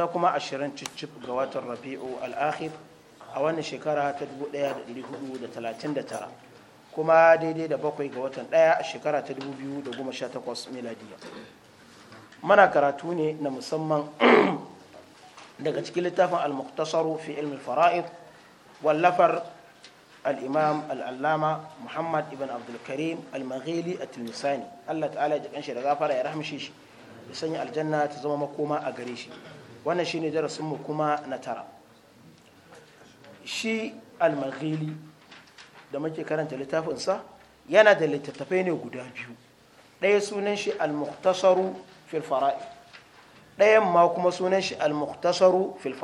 ta kuma ashirin cicif ga watan rabi'u al'akhir a wannan shekara ta 1439 kuma daidai da bakwai ga watan ɗaya a shekara ta 2018 miladiya mana karatu ne na musamman daga cikin littafin al-muktasaru fi ilmi fara'id wallafar al-imam muhammad ibn abdulkarim al-maghili a tilmisani allah ta'ala ya jikan shi da zafara ya rahmashe shi ya sanya aljanna ta zama makoma a gare shi wannan shine darasinmu kuma na tara shi almaghili da muke karanta littafinsa yana da littattafai ne guda biyu ɗaya sunan shi al-muhtasaru fil fara'i ma kuma sunan shi al-muhtasaru fil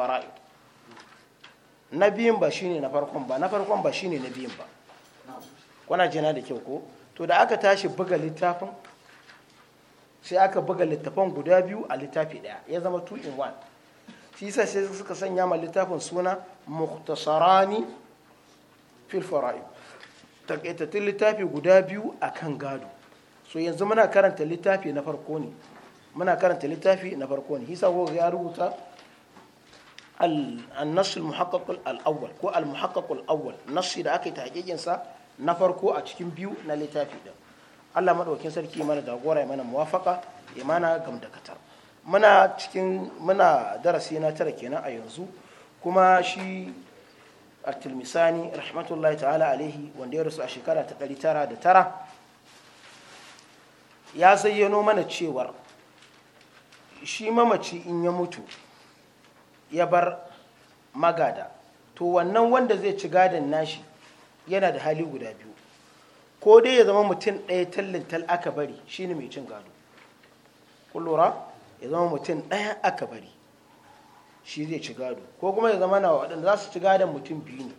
na biyun ba shine na farkon ba na farkon ba shine na biyun ba kuna jina da kyau ko to da aka tashi buga littafin sai aka buga littafin guda biyu a littafi ɗaya ya zama 2 in 1 shi sai suka sanya ma littafin suna muktasarani fil fara'id takaitattun littafi guda biyu akan gado so yanzu muna karanta littafi na farko ne muna karanta littafi na farko ne hisa ko ya rubuta al-nass al al-awwal ko al-muhaqqaq awwal nassi da aka yi tahqiqin sa na farko a cikin biyu na littafi ɗin Allah maɗaukin sarki mana jagora ya mana muwafaka ya mana gamdakatar muna cikin muna darasi na tara kenan a yanzu kuma shi al-tilmisani rahmatullahi ta'ala alaihi wanda ya rasu a shekara ta tara da tara ya zayyano mana cewar shi mamaci in ya mutu ya bar magada to wannan wanda zai ci gadon nashi yana da hali guda biyu ko dai ya zama mutum ɗaya tallin aka bari shine mai cin gado kullura ya zama mutum ɗaya aka bari shi zai ci gado ko kuma ya zama na waɗanda za su ci gadon mutum biyu ne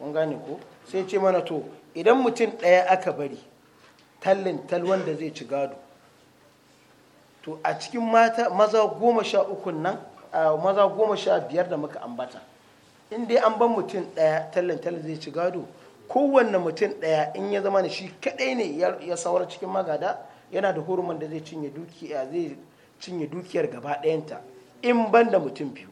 wani gane ko sai ce mana to idan mutum ɗaya aka bari tallin talwan da zai ci gado to a cikin mata maza goma sha uku nan a maza goma sha biyar da muka ambata in dai an ban mutum ɗaya tallin talwan zai ci gado kowanne mutum ɗaya in ya zama shi kaɗai ne ya saura cikin magada yana da huruman da zai cinye dukiya eh, zai cinye dukiyar gaba ɗayanta in ban da mutum biyu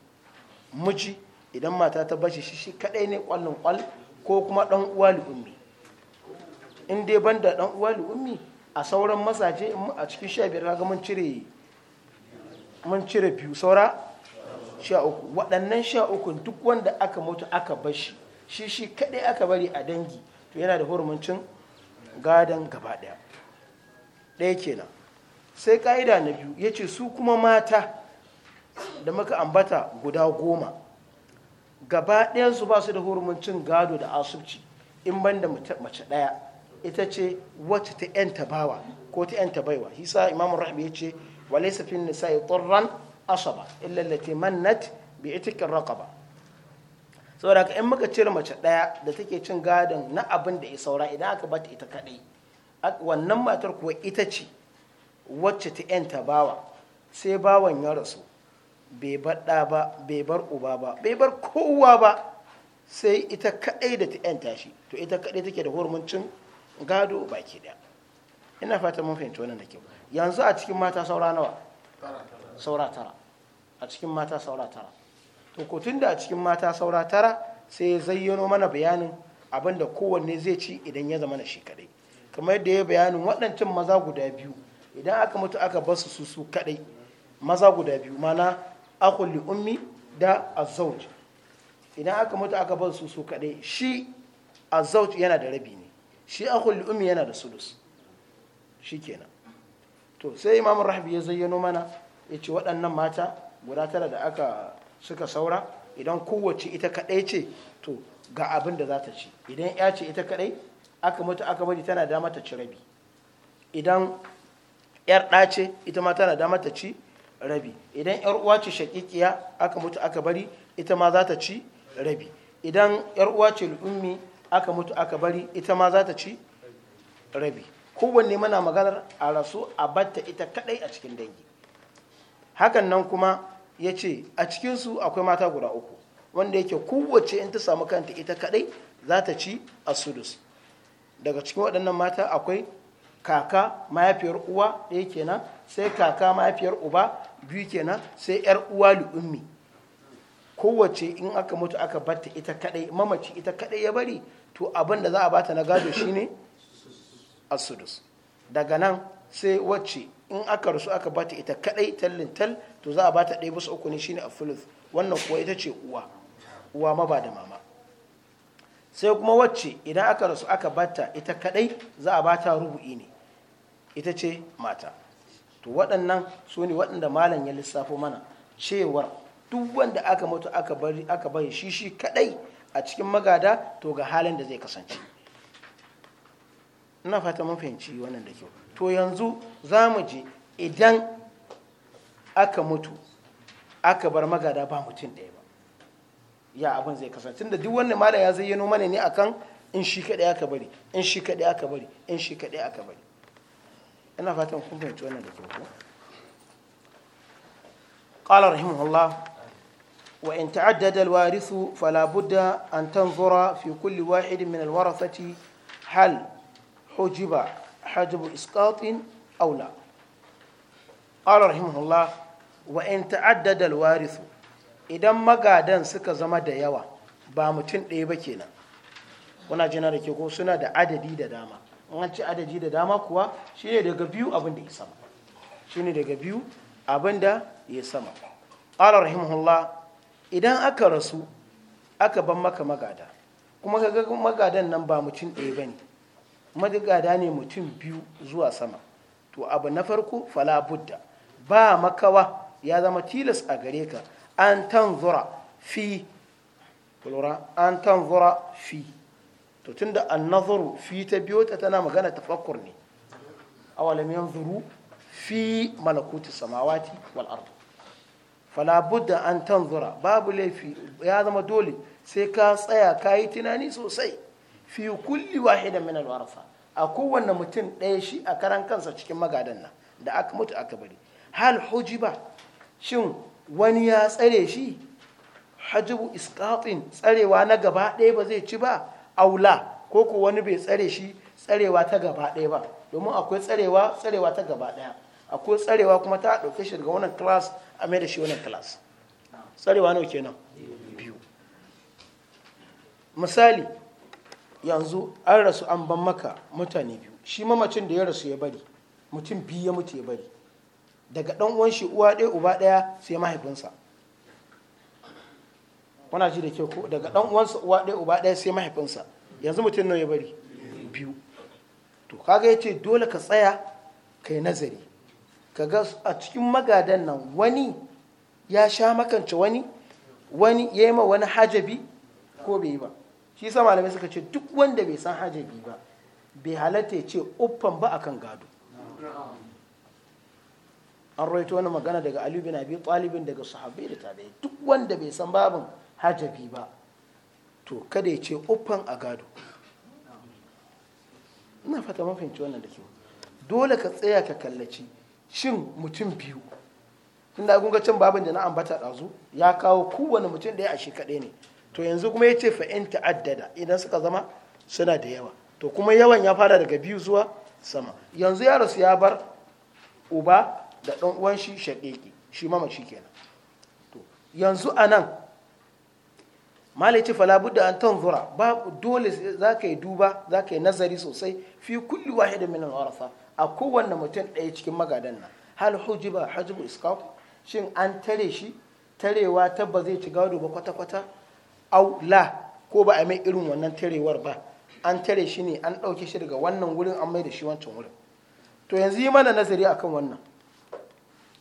miji idan mata ta bashi shi shi kadai ne kwallon kwal ko kuma dan uwa ummi in dai ban da dan uwa ummi a sauran masaje a cikin sha biyar kaga mun cire mun cire biyu saura sha uku waɗannan sha uku duk wanda aka mutu aka bashi shi shi kadai aka bari a dangi to yana da hurumin gadan gadon gaba ɗaya ɗaya kenan sai ƙa'ida na biyu ya ce su kuma mata da muka ambata guda goma gaba ɗayansu ba su da hurumin gado da asubci in ban da mace ɗaya ita ce wacce ta ‘yanta bawa ko ta ‘yanta baiwa hisa imamun rahabi ya ce wa laisa fi nisa ya tsoron asaba illallati mannat bi itikin raqaba saboda in muka cire mace ɗaya da take cin gadon na abin da ya saura idan aka bata ita kaɗai wannan matar kuwa ita ce wacce ta yanta bawa sai bawan ya rasu bai bar ɗa ba bai bar uba ba bai bar kowa ba sai ita kaɗai da ta yanta shi to ita kaɗai take da hurmuncin gado baki ɗaya ina fata mun fahimci wannan da ba yanzu a cikin mata saura nawa saura tara a cikin mata saura tara to ko da a cikin mata saura tara sai ya zayyano mana bayanin abin da kowanne zai ci idan ya zama na shi kaɗai kamar yadda ya bayanin waɗancan maza guda biyu idan aka mutu aka ba su su kaɗai maza guda biyu mana akulli ummi da azaut idan aka mutu aka ba su su kaɗai shi azaut yana da rabi ne shi akulli ummi yana da sulus shi kenan to sai imam rahabi ya zayyano mana ya ce waɗannan mata guda tara da aka suka saura idan kowace ita kaɗai ce to ga abin da za ta ci idan ya ce ita kaɗai aka mutu aka bari tana da mata ci rabi idan yar ɗa ce ita ma tana da mata ci rabi idan yar uwa ce shakikiya aka mutu aka bari ita ma za ta ci rabi idan yar uwa ce al'ummi aka mutu aka bari ita ma za ta ci rabi kowanne mana maganar a rasu a batta ita kadai a cikin dangi hakan nan kuma ya ce a cikinsu akwai mata guda uku wanda yake kowace in ta samu kanta ita kadai za ta ci a sudus daga cikin waɗannan mata akwai kaka mahaifiyar uwa ɗaya kenan sai kaka mahaifiyar uba biyu kenan sai yar uwa lu'ummi kowace in aka mutu aka batta ita kadai mamaci ita kadai ya bari to abin da za a bata na gado shine asudus daga nan sai wacce in aka rasu aka bata ita kadai tallin tal to za a bata ɗaya bisa uku ne shine afulus wannan kuwa ita ce uwa uwa ma ba da mama sai kuma wacce idan aka rasu aka bata ita kadai za a bata rubu'i ne ita ce mata to waɗannan su ne waɗanda malam ya lissafo mana cewar duk wanda aka mutu aka bari aka bari shi shi kadai a cikin magada to ga halin da zai kasance ina fata mun fahimci wannan da kyau to yanzu za mu je idan aka mutu aka bar magada ba mutum ɗaya ya abin zai kasance tunda duk wannan malam ya zayyano mana ne akan in shi kaɗai aka bari in shi kaɗai aka bari in shi kaɗai aka bari ina fatan kun fahimci wannan da kyau قال رحمه الله وإن تعدد الوارث فلا بد أن تنظر في كل واحد من الورثة هل حجب حجب إسقاط أو لا قال رحمه الله وإن تعدد الوارث idan magadan suka zama da yawa ba mutum ɗaya ba kenan kuna jina da ke ko suna da adadi da dama an ci adadi da dama kuwa Shi ne daga biyu abin da ya sama Shi ne daga biyu abin da ya sama ƙalar rahimahullah idan aka rasu aka ban maka magada kuma ka ga magadan nan ba mutum ɗaya ba ne magada ne mutum biyu zuwa sama to abu na farko fala budda ba makawa ya zama tilas a gare ka an tanzura fi kulura an tanzura fi to tunda nazaru fi ta biyo ta tana magana ta tafakkur ne awalam zuru fi malakutu samawati wal ardh fala budda an tanzura babu laifi ya zama dole sai ka tsaya ka yi tunani sosai fi kulli wahidan min al a kowanne mutum ɗaya shi a karan kansa cikin magadan nan da aka mutu aka bari hal hujiba shin wani ya tsare shi hajjibu iskatin tsarewa na gaba ɗaya ba zai ci ba aula ko ko wani bai tsare shi tsarewa ta gaba ɗaya ba domin akwai tsarewa tsarewa ta gaba ɗaya akwai tsarewa kuma ta ɗauke shi daga wannan class a mai da shi wannan class tsarewa nawa kenan biyu misali yanzu an rasu an ban maka mutane biyu shi mamacin da ya rasu ya bari mutum biyu ya mutu ya bari daga ɗan uwan shi uwa ɗaya uba ɗaya sai mahaifinsa kuna ji da ke ko daga ɗan uwansa uwa ɗaya uba ɗaya sai mahaifinsa yanzu mutum nawa ya bari biyu to kaga yace dole ka tsaya kai nazari ka ga a cikin magadan nan wani ya sha makance wani wani ya yi ma wani hajabi ko bai yi ba shi sa malamai suka ce duk wanda bai san hajabi ba bai halatta ya ce uffan ba akan gado an rawaito wani magana daga Ali bin Abi ɗalibin daga sahabbai da tabi'i duk wanda bai san babin hajabi ba to kada ya ce uffan a gado ina fata mafinci wannan da ke dole ka tsaya ka kallaci shin mutum biyu tunda kun ga can babin da na ambata ɗazu ya kawo kowane mutum da ya ashe kaɗai ne to yanzu kuma ya ce fa'in ta'addada idan suka zama suna da yawa to kuma yawan ya fara daga biyu zuwa sama yanzu ya rasu ya bar uba da ɗan uwan shi mama shi kenan to yanzu anan nan ce falabu da an tanzura ba dole za ka yi duba za ka yi nazari sosai fi kulli wahidin min al-arafa a kowanne mutum ɗaya cikin magadan nan hal hujiba hajbu isqat shin an tare shi tarewa tabba zai ci gado ba kwata kwata au la ko ba a mai irin wannan tarewar ba an tare shi ne an ɗauke shi daga wannan wurin an mai da shi wancan wurin to yanzu yi mana nazari akan wannan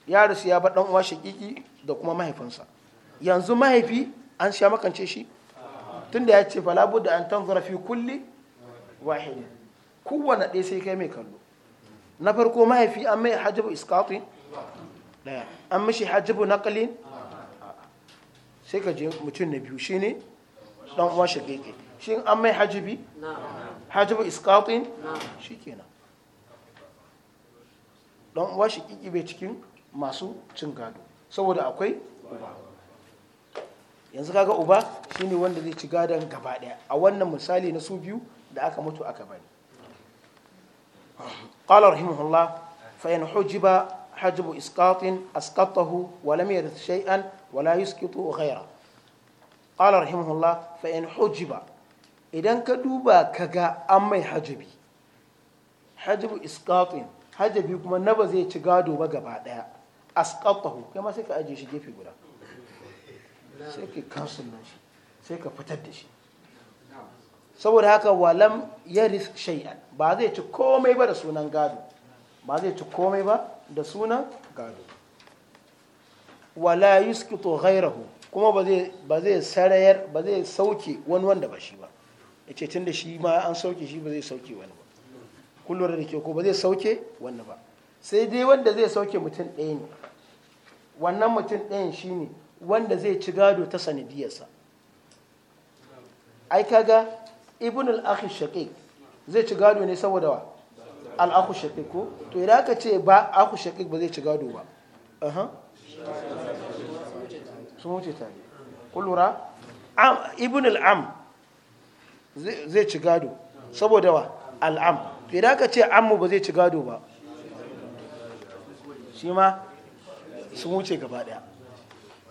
ya rasu ya bar dan uwa shakiki da kuma mahaifinsa yanzu mahaifi an sha makance shi tunda ya ce falabu da an tanzura fi kulli wahidin kowane ɗaya sai kai mai kallo na farko mahaifi an mai hajjabu iskatu ɗaya an mishi hajjabu naqalin sai ka je mutum na biyu shi ne. Ɗan uwa shaƙiƙi shin an mai hajjabi hajjabu shi kenan ɗan uwa shaƙiƙi bai cikin masu cin gado saboda akwai uba yanzu kaga uba shine wanda zai ci gada gaba daya a wannan misali na su biyu da aka mutu aka bani qala rahimahullah fa yan hujiba hajbu isqatin asqatahu wa lam shai'an shay'an wa la yusqitu ghayra qala rahimahullah hujiba idan ka duba kaga an mai hajibi hajibu isqatin hajibi kuma naba zai ci gado ba gaba daya asqatahu kai ma sai ka ajiye shi gefe guda sai ka kansun nan shi sai ka fitar da shi saboda haka walam risk shay'an ba zai ci komai ba da sunan gado ba zai ci komai ba da sunan gado wala yi ghayrahu kuma ba zai ba zai sarayar ba zai sauke wani wanda ba shi ba yace tunda shi ma an sauke shi ba zai sauke wani ba kullum da ke ko ba zai sauke wani ba sai dai wanda zai sauke mutum ɗaya ne wannan mutum ɗayan ne wanda zai ci gado ta sanadiyarsa ai kaga ibn al-akhi shaqiq zai ci gado ne saboda wa al-akhu shaqiq ko to idan aka ce ba akhu shaqiq ba zai ci gado ba aha sun wuce tare kullura ibn al-am zai ci gado saboda wa al-am to idan aka ce ammu ba zai ci gado ba shi ma sun wuce gaba daya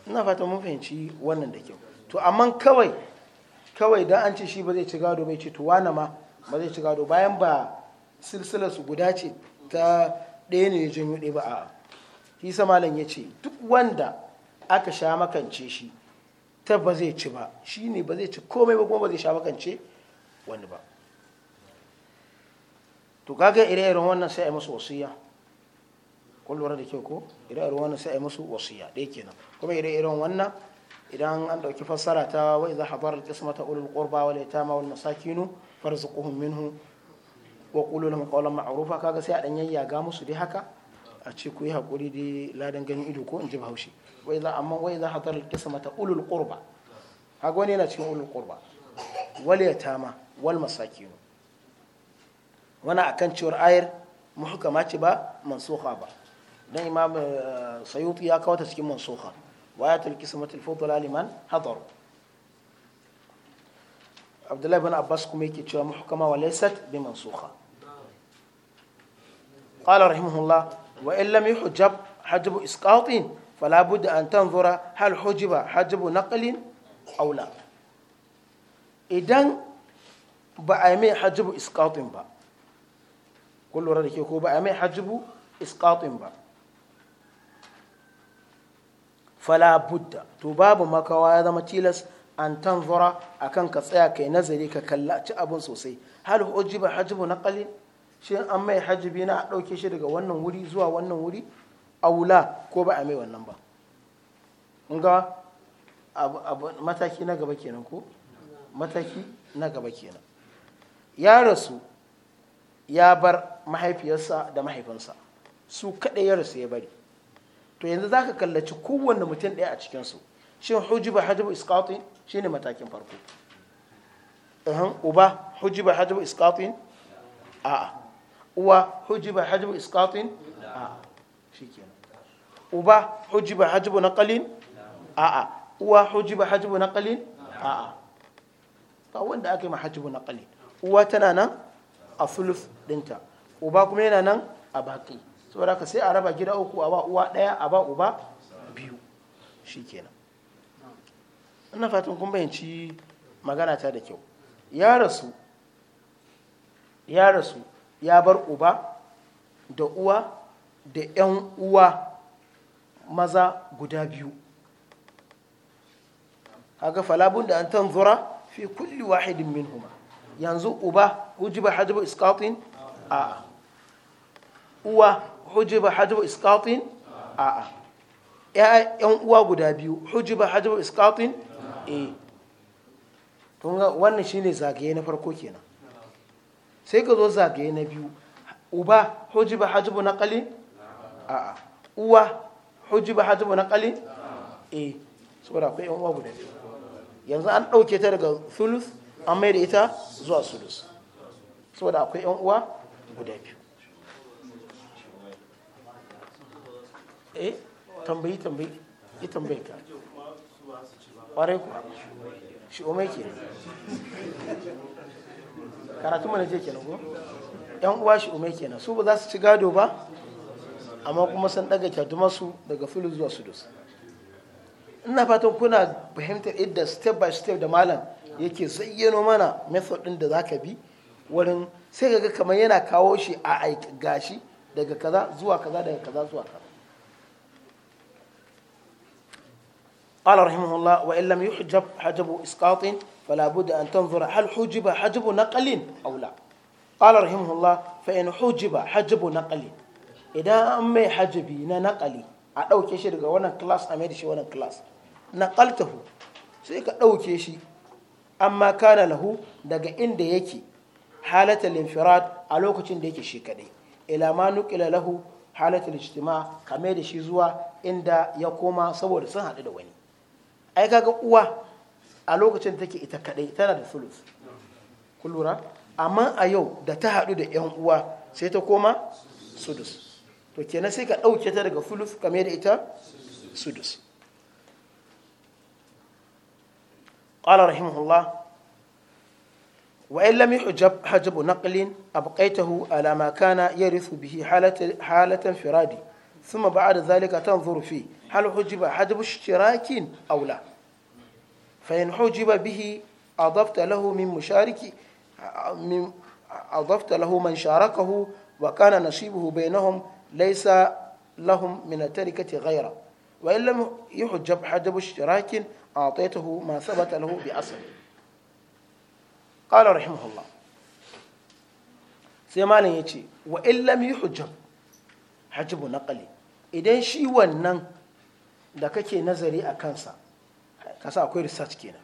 ina fata mun fahimci wannan da kyau to amma kawai kawai dan an ce shi ba zai ci gado bai ce to wani ma ba zai ci gado bayan ba silsilar su guda ce ta ɗaya ne janyo ɗaya ba a shi samalan ya ce duk wanda aka sha makance shi ta ba zai ci ba shi ne ba zai ci komai ba kuma ba zai sha makance wani ba to kaga ire-iren wannan sai a yi masu wasiya kun lura da kyau ko ire-iren wannan sai a yi musu wasiya ɗaya kenan kuma ire irin wannan idan an ɗauki fassara ta wa idza habar qismata ulul qurba wal yatama wal masakin farzuquhum minhu wa qulu lahum qawlan ma'rufa kaga sai a dan yayyaga musu dai haka a ce ku yi hakuri dai ladan ganin ido ko in ji bahaushe wa idza amma wa idza hadara al-qismata ulul qurba haka wani yana cikin ulul qurba wal yatama wal masakin wana akan cewar ayar muhkama ce ba mansuha ba ده امام آه، سيوطي اكو تسكين منسوخه وايه القسمه الفضلى لمن حضر عبد الله بن عباس كما يكتب محكمه وليست بمنسوخه قال رحمه الله وان لم يحجب حجب اسقاط فلا بد ان تنظر هل حجب حجب نقل او لا اذا بعمي حجب اسقاط با كل رديك هو بعمي حجب اسقاط با fala budda to babu makawa ya zama tilas an tanzura akan ka tsaya kai nazari ka kallaci abin sosai hal ujiba na kalin shi an mai hajibi na a ɗauke shi daga wannan wuri zuwa wannan wuri a wula ko ba a mai wannan ba ga mataki na gaba kenan ko mataki na gaba kenan ya rasu ya bar mahaifiyarsa da mahaifinsa su kaɗai ya rasu ya bari to yanzu za ka kallaci kowanne mutum ɗaya a cikinsu shin hujiba hajjabu iskatin shi ne matakin farko ɗahan uba hujiba hajjabu iskatin a'a uwa hujiba hajjabu iskatin a'a shi kenan uba hujiba hajjabu naƙalin a'a uwa hujiba hajjabu naƙalin a'a ba wanda aka yi ma na naƙalin uwa tana nan a fuluf ɗinta uba kuma yana nan a baƙi saboda ka sai a raba gida uku a ba uwa ɗaya a ba uba biyu shi kenan ina fatan kun bayanci magana ta da kyau ya rasu ya rasu ya bar uba da uwa da 'yan uwa maza guda biyu haka falabun da an tanzura fi kulli wahidin minhuma yanzu uba ujiba hajjaba iskatin a uwa hujjiba hajjiba iskatin a'a ‘yan uwa guda biyu hujjiba hajjiba iskatin e. tunga wannan shine zagaye na farko kenan sai ka zo zagaye na biyu uba hujjiba hajjiba na kalin a'a uwa hujjiba hajjiba na kalin e saboda akwai ‘yan uwa guda biyu yanzu an ɗauke ta daga sulus an mai da ita zuwa sulus saboda akwai ‘yan uwa guda biyu eh tambayi tambayi yi tambayi ka ƙwarai kuwa shi umai ke karatu mana je kenan ko yan uwa shi umai kenan su ba za su ci gado ba amma kuma sun daga kyatuma su daga filin zuwa su sudus ina fatan kuna fahimtar idda step by step da malam yake zayyano mana method din da zaka bi wurin sai ga kamar yana kawo shi a aiki gashi daga kaza zuwa kaza daga kaza zuwa kaza قال رحمه الله وإن لم يحجب حجب إسقاط فلا بد أن تنظر هل حجب حجب نقل أو لا قال رحمه الله فإن حجب حجب نقل إذا أمي حجبي نقلي أدوك شيء daga wannan class a mai da shi wannan class naqaltahu sai ka ɗauke shi amma kana lahu daga inda yake halata infirad a lokacin da yake shi kadai ila ma nukila lahu halatul ijtima' kame da shi zuwa inda ya koma saboda sun haɗu da wani ai kaga uwa a lokacin take ita kadai tana da sulus kullura amma a yau da ta hadu da yan uwa sai ta koma sudus, to kenan sai ka dauke ta daga sulus kamar da ita sulus qala rahimahullah wa in lam yujab hajab naqlin abqaytahu ala ma kana yarithu bihi halatan firadi thumma ba'da zalika tanzuru fihi hal hujiba hajib ishtirakin aula fa in hujiba bihi adafta lahu mushariki min adafta man sharakahu wa kana nasibuhu bainahum laysa lahum min at-tarikati wa in lam yuhjab hajib ishtirakin a'taytahu ma thabata lahu bi asl qala rahimahullah sai malam yace wa in lam yuhjab idan shi wannan da kake nazari a kansa kasa akwai research kenan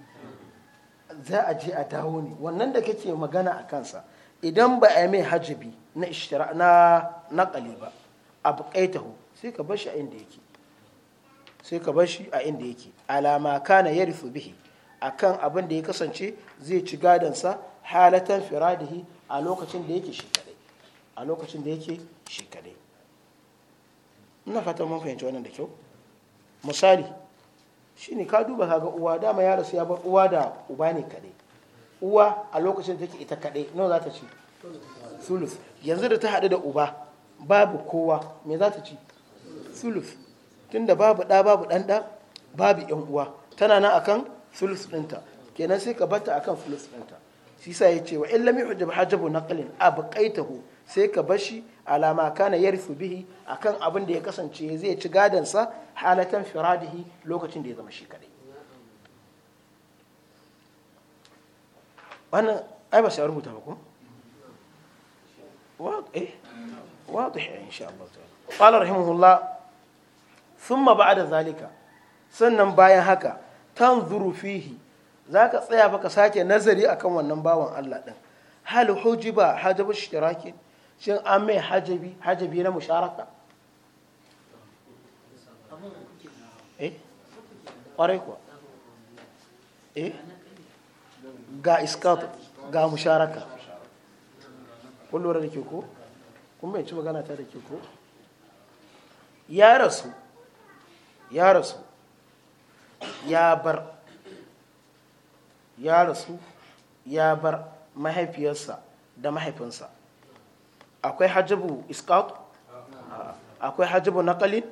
za a je a dawo ne wannan da kake magana a kansa idan ba a mai hajjabi na ishtira na naƙali ba a buƙaitahu sai ka bashi a inda yake sai ka bashi a inda yake alama kana ya rufu bihi akan abin da ya kasance zai ci gadansa halatan firadihi a lokacin da yake shi a lokacin da yake shi ina fatan mun fahimci wannan da kyau misali shi ne ka duba kaga uwa dama ya rasu ya bar uwa da uba ne kaɗai uwa a lokacin take ita kaɗai nawa za ta ci sulus yanzu da ta haɗu da uba babu kowa me za ta ci sulus tunda babu ɗa babu ɗanɗa babu yan uwa tana nan akan sulus ɗinta kenan sai ka bata akan sulus ɗinta shi sa ya ce wa in lam yu'jab hajabu naqlin abqaitahu sai ka bashi alama kana yarisu bihi akan abin da ya kasance zai ci gadansa halatan firadihi lokacin da ya zama shi kadai wannan ai ba sai rubuta ba ko واضح إن شاء الله تعالى قال رحمه الله ثم بعد ذلك sannan bayan haka tanzuru fihi za ka tsaya baka sake nazari akan wannan bawan Allah ɗin hal hujiba hajabu shirakin shin an mai hajabi hajabi na musharaka eh ƙwarai kuwa eh ga iskatu ga musharaka kun lura da ke ko kun bai ci magana ta da ke ko ya rasu ya rasu ya bar ya rasu ya bar mahaifiyarsa da mahaifinsa akwai hajjabu iskat akwai hajjabu nakalin?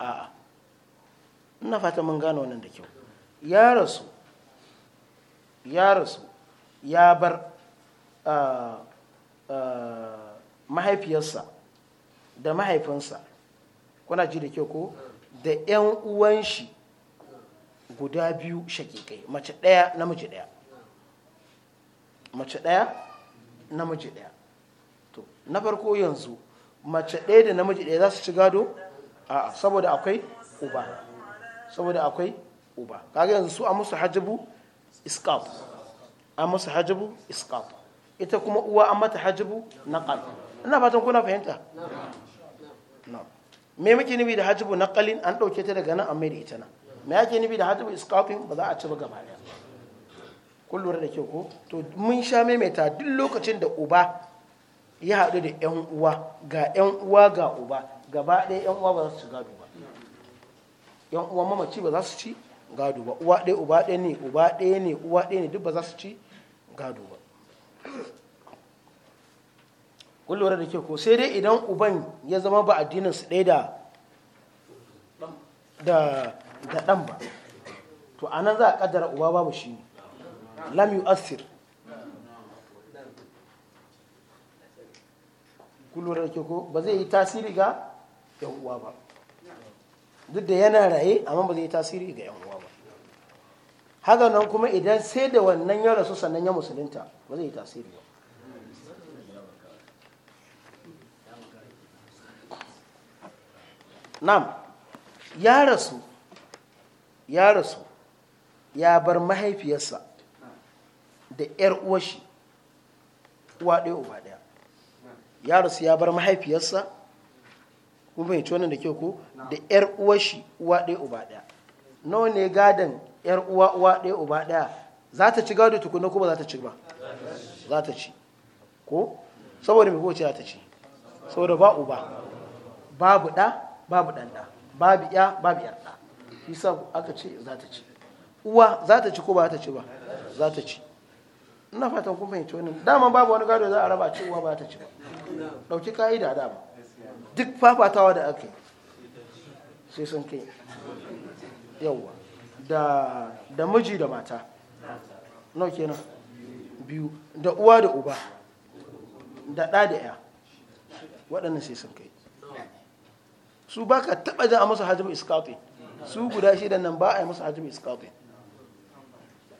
A'a. ina fata mun gano wannan da kyau ya rasu ya rasu ya bar ah, ah, mahaifiyarsa da mahaifinsa kuna ji da kyau ko da 'yan uwan shi guda biyu shakikai mace ɗaya namiji ɗaya mace ɗaya namiji ɗaya to na farko yanzu mace ɗaya da namiji ɗaya za su ci gado a saboda akwai uba saboda akwai uba kaga yanzu su a musu hajabu isqat A musu hajabu isqat ita kuma uwa an mata hajabu naqal ina fatan kuna fahimta me muke nufi da hajabu naƙalin an dauke ta daga nan amma da ita nan me yake nufi da hajjabu iskafin ba za a ci ba gaba daya kun lura da kyau ko to mun sha maimaita duk lokacin da uba ya haɗu da yan uwa ga yan uwa ga uba gaba ɗaya yan uwa ba za su gado yan uwan mamaci ba za su ci gado ba uwa ɗaya uba ɗaya ne uba ɗaya ne uwa ɗaya ne duk ba za su ci gado ba kun lura da ke ko sai dai idan uban ya zama ba addinin su ɗaya da da da ɗan ba to a nan za a ƙaddara uba babu shi ne lam yu asir kun lura da ke ko ba zai yi tasiri ga yan uwa ba duk da yana raye amma ba zai yi tasiri ga yan uwa ba haka nan kuma idan sai da wannan ya rasu sannan ya musulunta ba zai yi tasiri ba nam ya rasu ya rasu ya bar mahaifiyarsa da 'yar uwashi uwa ɗaya uba ɗaya ya rasu ya bar mahaifiyarsa kun fahimci wannan da kyau ko da yar uwar shi uwa ɗaya uba ɗaya nawa ne gadon yar uwa uwa ɗaya uba ɗaya za ta ci gado tukuna na ba za ta ci ba za ta ci ko saboda mai kowace za ta ci saboda ba uba babu ɗa babu ɗanɗa, babu ya babu yar ɗa isa aka ce za ta ci uwa za ta ci ko ba za ta ci ba za ta ci ina fatan kun fahimci wannan dama babu wani gado za a raba ci uwa ba ta ci ba ɗauki ka'ida dama duk fafatawa da aka sai sun kai yawa da miji da mata nau kenan biyu da uwa da uba da ɗa da ya waɗannan sai sun kai su ba ka taɓa jan a musu hajjim iskafi su guda shida nan ba a yi musu hajjim iskafi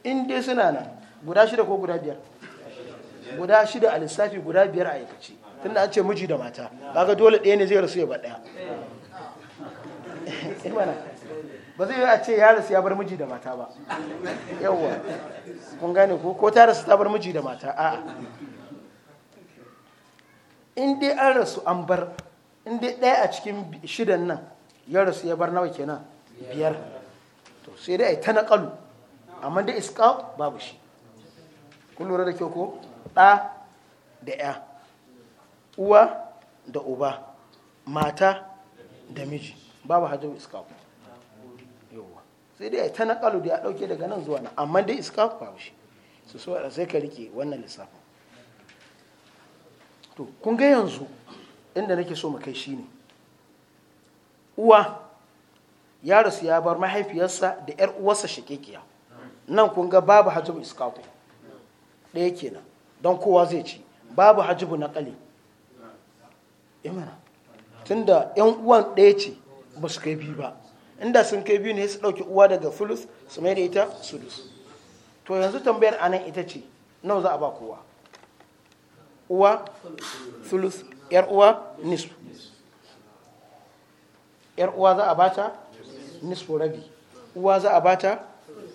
in dai suna nan guda shida ko guda biyar guda shida a lissafi guda biyar a aikace tunda an ce miji da mata kaga dole ɗaya ne zai rasu ya ba ɗaya eh, ba zai yi a ce ya rasu ya bar miji da mata ba yawwa kun gane ko ko ta rasu ta bar miji da mata a in dai an rasu an bar in dai ɗaya a cikin shidan nan ya rasu ya bar nawa kenan biyar to sai dai a yi ta naƙalu amma dai iska babu shi kun lura da kyau ko ɗa da ya uwa da uba mata da miji babu hajjabu iskaku sai dai ta naƙalu da ya ɗauke daga nan zuwa nan amma dai iskaku babu shi su so sai ka rike wannan lissafin to kun ga yanzu inda nake so mu kai shine uwa ya rasu ya bar mahaifiyarsa da yar uwarsa shakekiya nan kun ga babu hajjabu iskaku ɗaya kenan don kowa zai ci babu na naƙali imana eh tunda yan uwan ɗaya ce ba su kai biyu ba inda sun kai biyu ne su ɗauki uwa daga fulus su mai da ita sulus to yanzu tambayar anan ita ce nawa za a ba kowa uwa fulus yar uwa nisu yar uwa za a ba ta nisu rabi uwa za a ba ta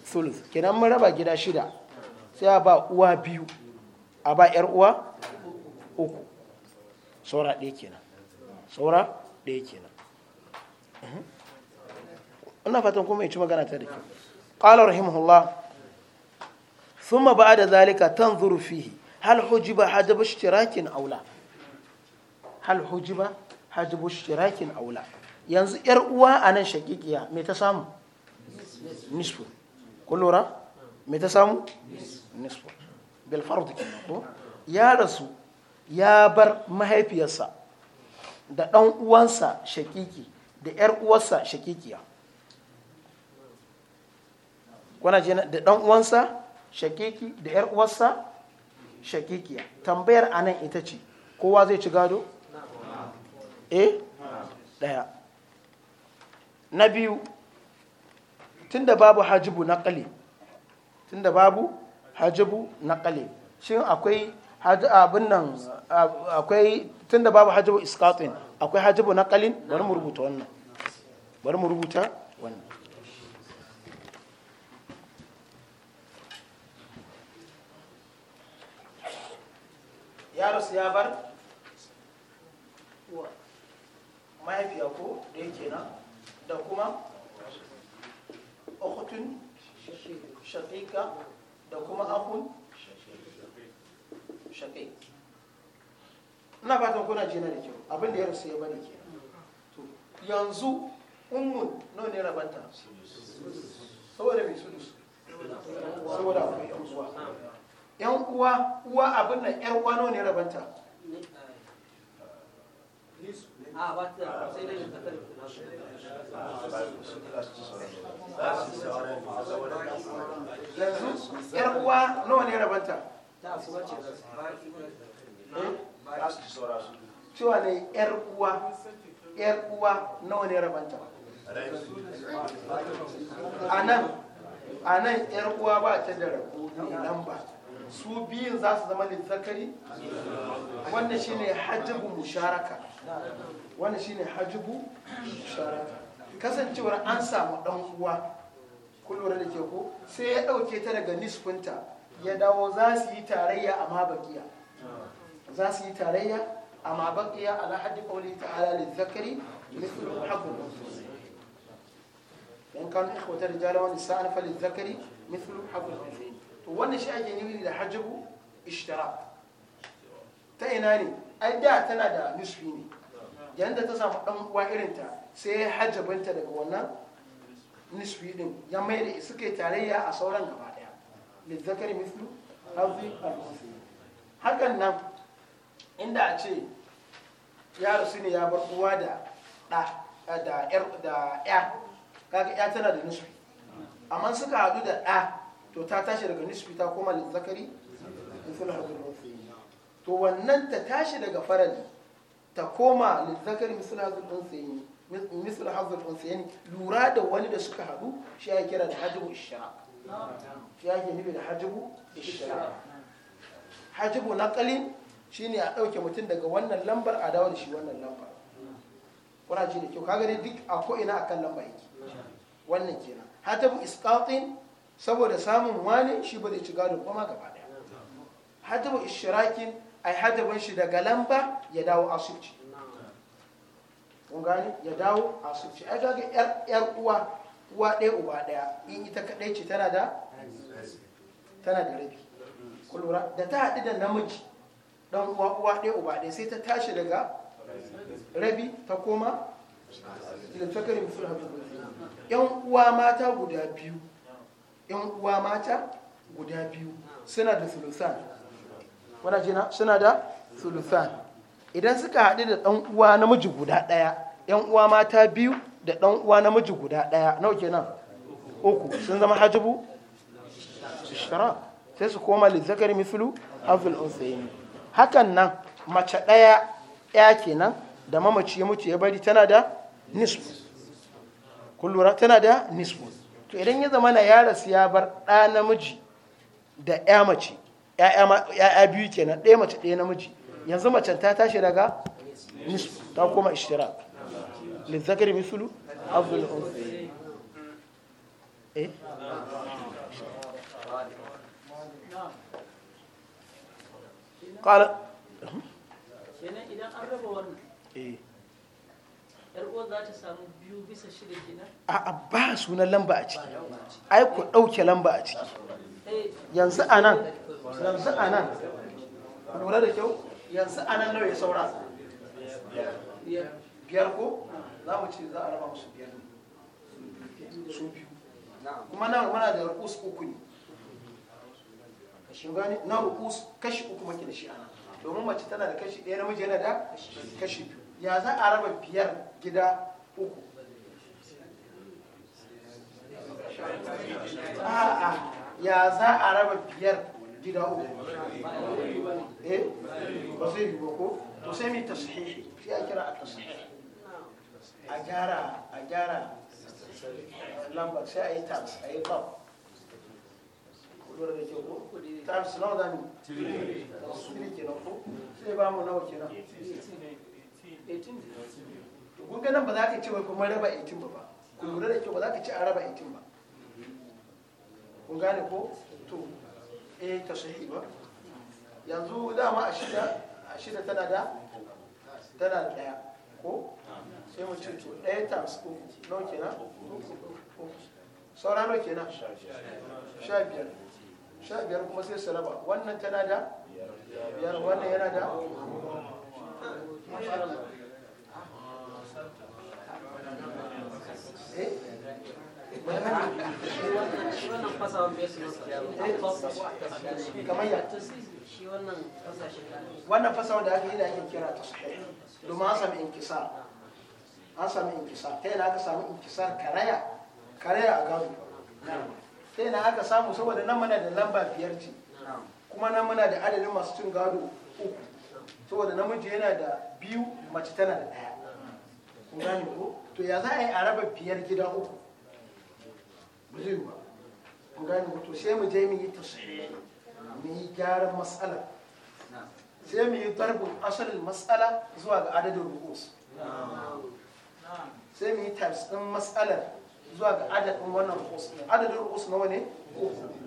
fulus kenan mun raba gida shida sai a ba uwa biyu a ba yar uwa uku saura ɗaya kenan saura ɗaya kenan mhm. ina fatan kuma ci magana ta da kyau qala rahimahullah ba'a da zalika tanzuru fihi hal hujiba hajab shirakin aw la hal hujiba hajab shirakin aw la yanzu yar uwa a anan shakikiya me ta samu nisfu kullura me ta samu nisfu bil fard kenan ya rasu ya bar mahaifiyarsa da ɗan uwansa shakiki da ‘yar uwarsa shakikiya kuna da ɗan uwansa shakiki da ‘yar uwarsa shakikiya tambayar a nan ita ce kowa zai ci gado? eh ɗaya na biyu tunda babu hajibu na ƙale tunda babu hajibu na ƙale shin akwai abin nan akwai tun da babu hajjabu iskatin akwai hajjabu na kalin bari mu rubuta wannan bari mu rubuta wannan yaro su ya bar mahaifiya ko da yake nan da kuma ukutun shaƙiƙa da kuma akun shafe ina fatan kuna jina da kyau abinda ya rasu ya bari ke to yanzu ummun nawa ne rabanta saboda mai sudus saboda akwai yan uwa yan uwa uwa abin nan yar uwa nawa ne rabanta ah, yanzu yar uwa nawa ne rabanta za su ci eh? saura yar uwa yar uwa nawa ne rabanta a nan a nan yar uwa ba ta da rabo ne nan ba su biyun za su zama littakari wannan shine hajjibu musharaka wannan shine hajjibu musharaka kasancewar an samu ɗan uwa kullum da ke ko sai ya ɗauke ta daga nisfinta ya dawo za su yi tarayya a mabakiya za su yi tarayya a mabakiya ala haddi qawli ta'ala lizakari mithlu hakum in kan ikhwata rijala wa nisa'an falizakari mithlu hakum to wannan shi ake nufi da hajjabu ishtirak ta ina ne ai da tana da nusfi ne yanda ta samu dan uwa irinta sai hajjabanta daga wannan nusfi din ya mai da suke tarayya a sauran gaba lizzakari mislu hazi al-unsi hakan nan inda a ce ya rasu ne ya bar uwa da ɗa da ya da nisfi amma suka haɗu da ɗa to ta tashi daga nisfi ta koma lizzakari mislu hazi al-unsi to wannan ta tashi daga farali ta koma lizzakari mislu hazi al-unsi mislu hazi lura da wani da suka haɗu shi ya kira da ya hajibu na hajibu shi shine a ɗauke mutum daga wannan lambar a dawo da shi wannan lambar kuna ji da kyau ka gani duk a ko'ina kan lamba yake wannan kenan hatabu isqatin saboda samun wani shi ba zai ci gado kuma gaba daya ishirakin a ai hataban shi daga lamba ya dawo asubci kun gane ya dawo asubci ai ga yar uwa uwa ɗaya uba ɗaya in ita kaɗai ce tana da tana da rabi kulura da ta haɗu da namiji ɗan uwa uwa ɗaya uba ɗaya sai ta tashi daga rabi ta koma lantakarin fusul hajjul yan uwa mata guda biyu yan uwa mata guda biyu suna da sulusan wana jina suna da sulusan idan suka haɗu da ɗan uwa namiji guda ɗaya yan uwa mata biyu da ɗan uwa namiji guda ɗaya nawa kenan uku sun zama hajibu shara sai su koma lizakari mifilu hazul unsayini hakan nan mace ɗaya ya kenan da mamaci ya mutu ya bari tana da nisfu kullura tana da nisfu to idan ya zama na yara su ya bar ɗa namiji da ya mace ya'ya biyu kenan ɗaya mace ɗaya namiji yanzu macen ta tashi daga nisfu ta koma ishtirak للذكر مثل حظ الأنثيين إيه؟ قال a ba sunan lamba a ciki ai ku ɗauke lamba a ciki yanzu anan yanzu lura da kyau yanzu anan nawa ya saura ko za mu ce za a raba musu biyar ne su biyu kuma na mana da rukus uku ne na rukus kashi uku muke da shi ana domin mace tana da kashi ɗaya namiji yana da kashi biyu ya za a raba biyar gida uku a'a ya za a raba biyar gida uku eh ba zai yi ba ko to sai mai tashihi shi ya kira a tashihi a gyara a gyara lambar sai a yi tax a yi bab kudura da ke ko tax na za mu tiri kenan ko sai ba mu nawa kenan 18 kun ga nan ba za ka ce wai kuma raba 18 ba ba kudura da ke ba za ka ce a raba 18 ba kun gane ko to a eh, ta tashihi ba yanzu dama a shida a shida tana da tana da daya ko sai mu ce to ɗaya times uku nau sha biyar sha biyar kuma sai su wannan tana da biyar wannan yana da wannan fasawar da ake yi da ake kira ta domin an sami inkisa an sami inkisar ta yana aka samu inkisar karaya karaya a gado ta yana aka samu saboda nan muna da lamba biyar ce kuma nan muna da adadin masu cin gado uku saboda namiji yana da biyu mace tana da ɗaya kun gane ko to ya za a yi a raba biyar gida uku ba zai ba kun gane ko to sai mu je mu yi tasiri mu yi gyaran matsala sai mu yi darbin asalin matsala zuwa ga adadin rukus sai mu yi times ɗin matsalar zuwa ga adadin wannan rukus adadin rukus nawa ne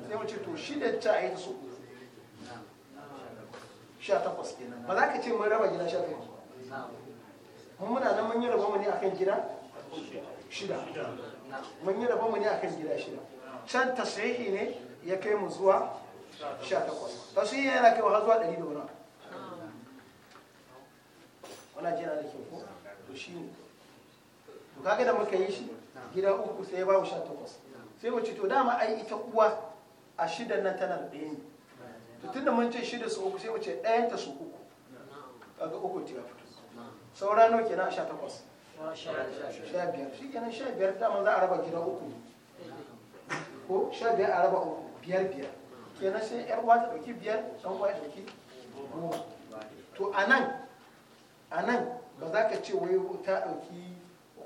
sai mu ce to da ta a yi ta su sha takwas kenan ba za ka ce mun raba gida sha takwas mun muna nan mun yi raba mu ne akan gida shida mun yi raba mu ne akan gida shida can tasrihi ne ya kai mu zuwa sha takwas tasihi yana kai har zuwa ɗari da wani wani jina da ke ko to shi ne to kage da muka yi shi gida uku sai ya bamu sha takwas sai mu ce to dama ai ita uwa a shidan nan tana da ɗaya ne to tunda mun ce shida su uku sai mu ce ɗayan ta su uku kaga uku ta fito saura nawa kenan a sha takwas sha biyar shi kenan sha biyar dama za a raba gida uku ko sha biyar a raba uku biyar biyar kenan sai yar uwa ta ɗauki biyar ɗan uwa ya ɗauki goma to a nan a nan ba za ka ce wai ta ɗauki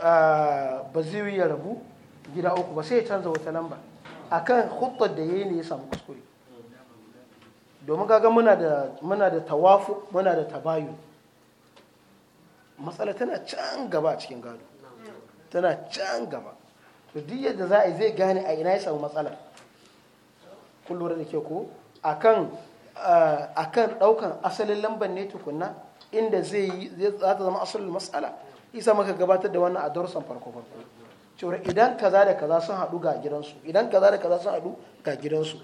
Ah, ba zai ya rabu gida uku ba sai ya canza wata lamba akan huttar da ya yi ne ya samu kuskure domin kaga muna da tawafu muna da tabayu matsala tana can gaba a cikin gado tana can gaba to duk yadda za a yi zai gane a ina ya samu matsala kun da ke ko akan kan daukan asalin lambar ne tukunna inda zai yi za zama asalin matsala isa maka gabatar da wannan a darussan farko farko cewa idan kaza da kaza sun haɗu ga gidansu idan kaza da kaza sun haɗu ga gidansu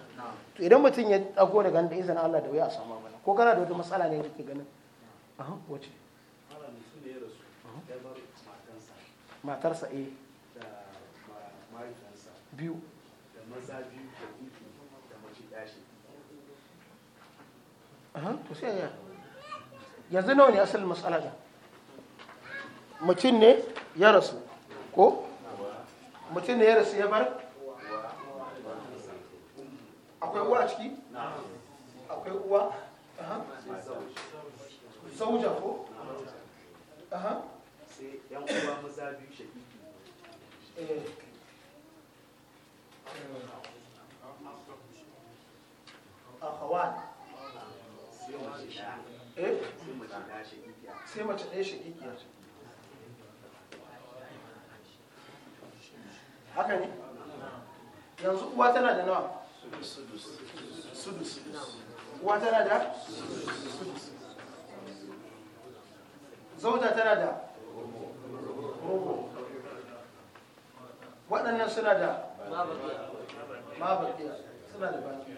to idan mutum ya da daga da izan Allah da wuya a samu bana ko kana da wata matsala ne kake ganin aha wace matarsa eh biyu da da mace dashi to sai ya yanzu nawa ne asalin matsala ɗin mutum ne ya rasu ko mutum ne ya rasu ya bar akwai uwa a ciki akwai uwa sauja ko sai yan uwa maza biyu shaƙiƙi eh. akhawat eh? sai mace ɗaya shaƙiƙiya haka ne yanzu uwa tana da nawa sudus uwa tana da sudus zauta tana da robo waɗannan suna da mabarkiya suna da baki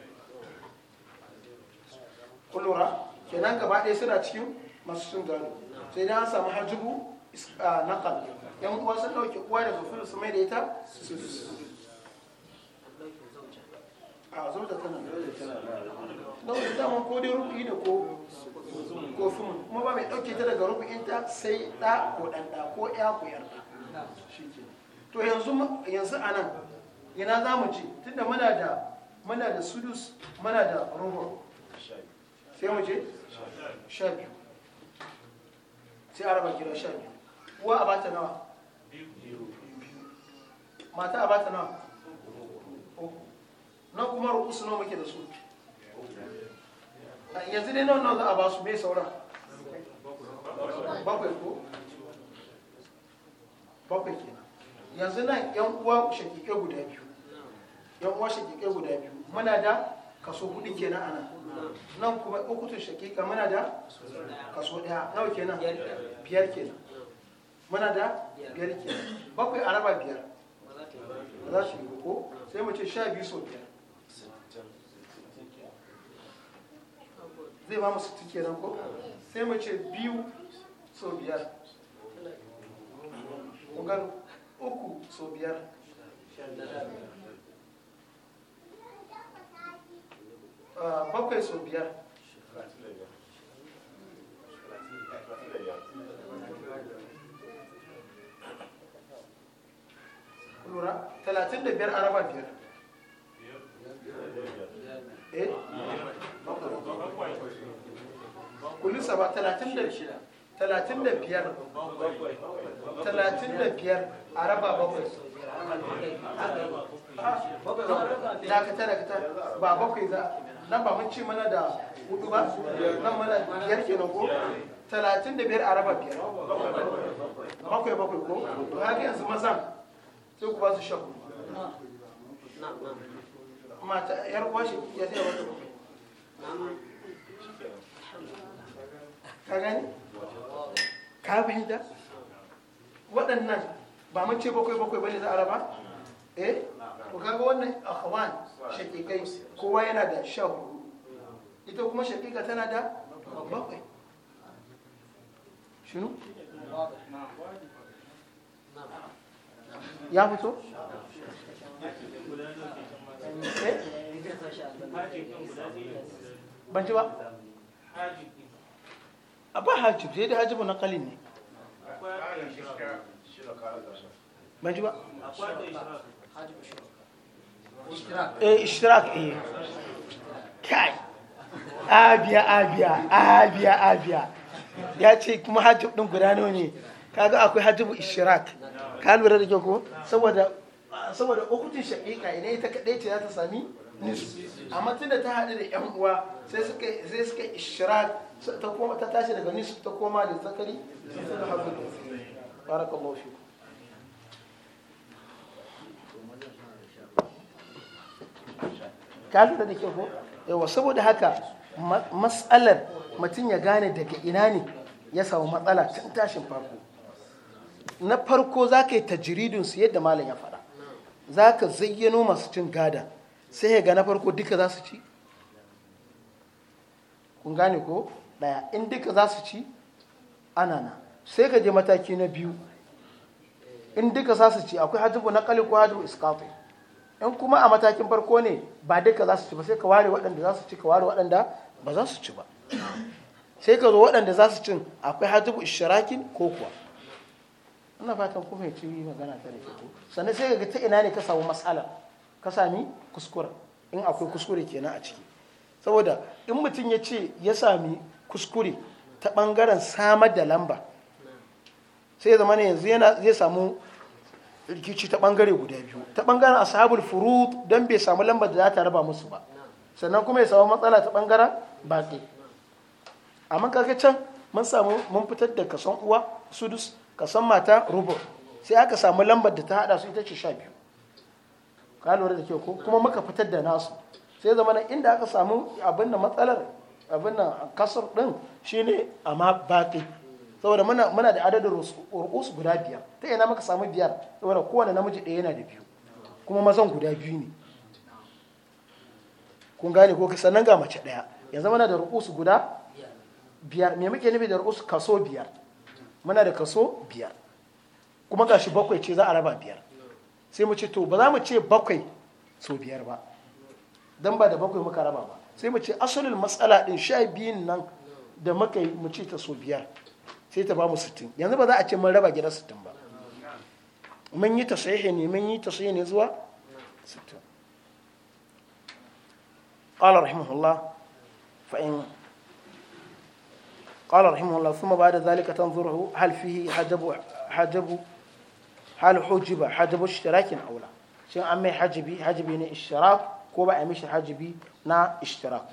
kullura kenan gaba ɗaya suna cikin masu sun gano. sai dai an samu hajjubu Uh, yan uwa sun uwa da su mai da ita ko ko kuma ba mai ta daga rubu'inta sai ɗa ko ɗan to yanzu a nan yana za mu ci tunda muna da muna da sudus mu ce sha biyu araba kira sha uwa a bata nawa mata a bata nawa na kuma rukusu nawa muke da su yanzu dai nawa nawa za a ba su mai sauran bakwai ko bakwai kenan yanzu nan yan uwa shakike guda biyu yan uwa shakike guda biyu muna da kaso hudu kenan ana nan kuma ukutun shakika muna da kaso daya nawa kenan biyar kenan muna da biyar ke bakwai a raba biyar ba za su yi ko sai mu ce sha biyu sau biyar zai ba mu sittin kenan ko sai mu ce biyu sau biyar ƙungar uku sau biyar ah, bakwai sau biyar lura 35 a raba biyar kulisa ba 35 35 a raba bakwai ah, dakata ba bakwai za nan ba mun mana da hudu ba nan mana biyar kenan ko talatin da biyar bakwai bakwai ko to haka yanzu mazan sai ku ba su sha hudu mata yar kwashe ya sai wata ka gani ka fahimta waɗannan ba mace bakwai bakwai bane za a raba eh ku kaga wannan akhwan shakikai kowa yana da sha ita kuma shakika tana da bakwai shinu ya fito ban ci ba a ba hajjib sai da hajjibu na kalin ne ban ci ba eh ishtirak eh kai abiya abiya abiya abiya ya ce kuma hajjib din guda ne kaga akwai hajjibu ishtirak ka lura da kyau ko saboda saboda ukutun shaqiqa idan ita kaɗai ce za ta sami nisfi amma tunda ta haɗu da yan uwa sai suka sai suka ishrak ta koma ta tashi daga nisu ta koma da zakari sai ta haɗu barakallahu fiku ka lura da kyau ko yawa saboda haka matsalar mutum ya gane daga ina ne ya samu matsala tun tashin farko na farko za ka yi tajiridinsu yadda malam ya faɗa za ka zayyano masu cin gada sai ga na farko duka za su ci kun gane ko ɗaya in duka za su ci na sai ka je mataki na biyu in duka za su ci akwai hajjubu na kali ko hajjubu iskafi in kuma a matakin farko ne ba duka za su ci ba sai ka ware waɗanda za su ci ka ware waɗanda ba za su ci ba sai ka zo waɗanda za su cin akwai hajjubu ishirakin ko kuwa ina fatan ku fahimci magana ta da kyau sannan sai ga ta ina ne ka samu matsala ka sami kuskure in akwai kuskure kenan a ciki saboda in mutum ya ce ya sami kuskure ta bangaren samar da lamba sai ya zama ne yanzu zai samu rikici ta bangare guda biyu ta bangaren ashabul furud don bai samu lamba da za ta raba musu ba sannan kuma ya samu matsala ta bangaren baƙi amma kaga can mun samu mun fitar da kason uwa sudus ka san mata rubu sai aka samu lambar da ta hada su ita ce sha biyu ka lura da ke ko kuma muka fitar da nasu sai zama na inda aka samu abin da matsalar abin da kasar din shi ne a ma baƙi saboda muna da adadin rukus guda biyar ta ina muka samu biyar saboda kowane namiji ɗaya yana da biyu kuma mazan guda biyu ne kun gane ko sannan ga mace ɗaya yanzu na da rukus guda biyar me muke nufi da rukus kaso biyar muna da kaso biyar kuma gashi bakwai ce za a raba biyar sai mu ce to ba za mu ce bakwai so biyar ba don ba da bakwai muka raba ba sai mu ce asalin matsala din sha biyun nan da muka yi mu ce ta so biyar sai ta ba mu sittin yanzu ba za a ce mun raba gida sittin ba mun yi ta sahihi ne mun yi ta sahihi ne zuwa sittin قال رحمه الله ثم بعد ذلك تنظره هل فيه حجب حجب هل حجب حجب اشتراك أو لا شن أمي حجبي حجبي نا اشتراك كوبا أميش حجبي نا اشتراك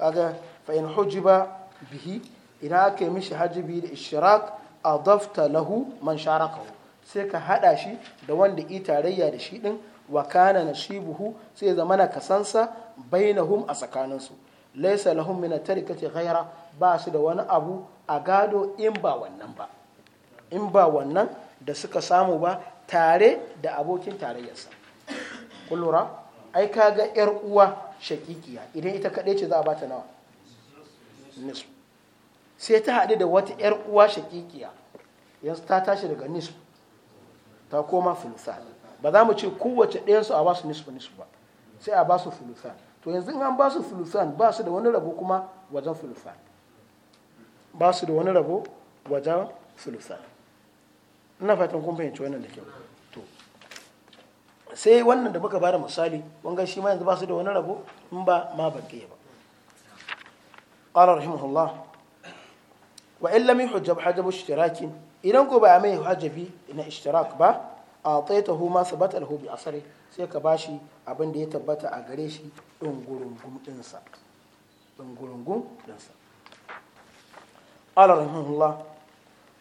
هذا فإن حجب به إذا كمش حجبي الاشتراك أضفت له من شاركه سيك هذا شيء دوان دي إيتاريا دي شيء دن وكان نصيبه سيزمنا كسانسا بينهم أسكانسو ليس لهم من التركة غيره ba su da wani abu a gado in ba wannan ba in ba wannan da suka samu ba tare da abokin tarayyarsa kullura ai kaga yar uwa shakikiya idan ita kaɗai ce za a bata nawa nisu sai ta haɗu da wata yar uwa shakikiya yanzu ta tashi daga nisu ta koma fulusa ba za mu ce kowace ɗayansu a ba su nisu ba sai a ba su fulusa to yanzu an ba su ba su da wani rabo kuma wajen fulusa ba su da wani rabo wajen sulusa ina fatan kun fahimci wannan da kyau to sai wannan da muka bada misali wanga shi ma yanzu ba su da wani rabo in ba ma baƙi ba qala rahimahullah wa in lam hujjab hajab ishtirak idan ko ba a mai hajjabi na ishtirak ba a taitahu ma sabata lahu bi asari sai ka bashi abin da ya tabbata a gare shi ɗungurungun ɗinsa ɗungurungun ɗinsa قال رحمه الله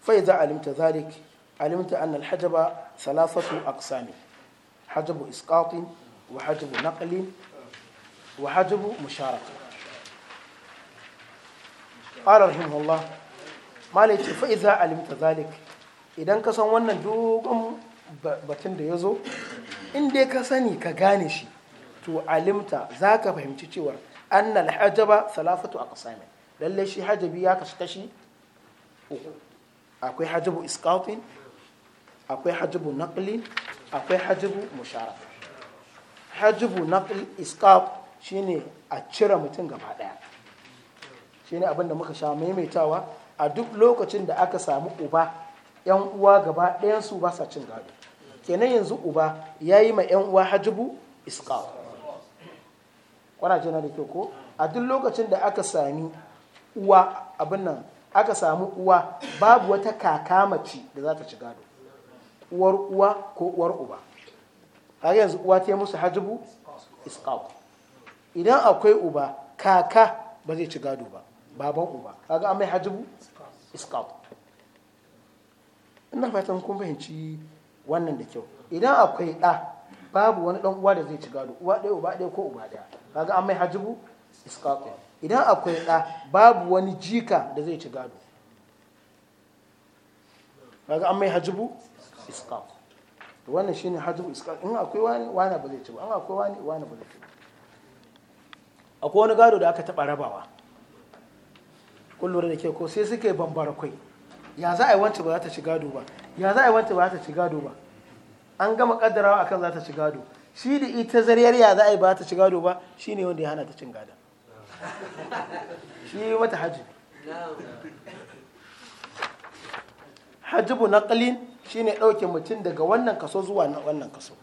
فإذا علمت ذلك علمت أن الحجب ثلاثة أقسام حجب إسقاط وحجب نقل وحجب مشاركة قال رحمه الله ما ليت فإذا علمت ذلك idan ka san wannan dogon batun da ya zo in dai ka sani ka gane shi to alimta za ka fahimci cewar annal hajaba salafatu a ƙasami lallai shi hajabi ya kashe kashi akwai hajjabu iskautin akwai hajjabu naqlin akwai mushara hajjabu hajabu naql shi ne a cire mutum gaba daya shine abin da muka sha maimaitawa a duk lokacin da aka samu uba yan uwa gaba ɗayan su ba sa cin gado kenan yanzu uba ya yi ma yan uwa hajjabu isqat kwanajen jina da kyau ko a duk lokacin da aka sami uwa abin nan aka samu uwa babu wata kaka mace da za ta ci gado uwar uwa ko uwar uba har yanzu uwa ta yi musu hajibu isqaq idan akwai uba kaka ba zai ci gado ba baban uba kaga an mai hajjibu isqaq ina fatan kun fahimci wannan da kyau idan akwai ɗa babu wani ɗan uwa da zai ci gado uwa ɗaya uba ɗaya ko uba ɗaya kaga an mai hajjibu isqaq idan akwai ɗa babu wani jika da zai ci gado daga an mai hajjubu iskaf wannan wannan ne hajjubu iskaf in akwai wani wani ba zai ci ba an akwai wani wani ba zai ci ba akwai wani gado da aka taɓa rabawa Kullum da ke ko sai suke bambara kwai ya za a yi wancan ba za ta ci gado ba ya za a yi wancan ba za ta ci gado ba an gama kaddarawa akan za ta ci gado shi da ita zariyar ya za a yi ba za ta ci gado ba shine wanda ya hana ta cin gada shi yi mata hajjibi hajjibu shi ne ɗauke mutum daga wannan kaso zuwa wannan kaso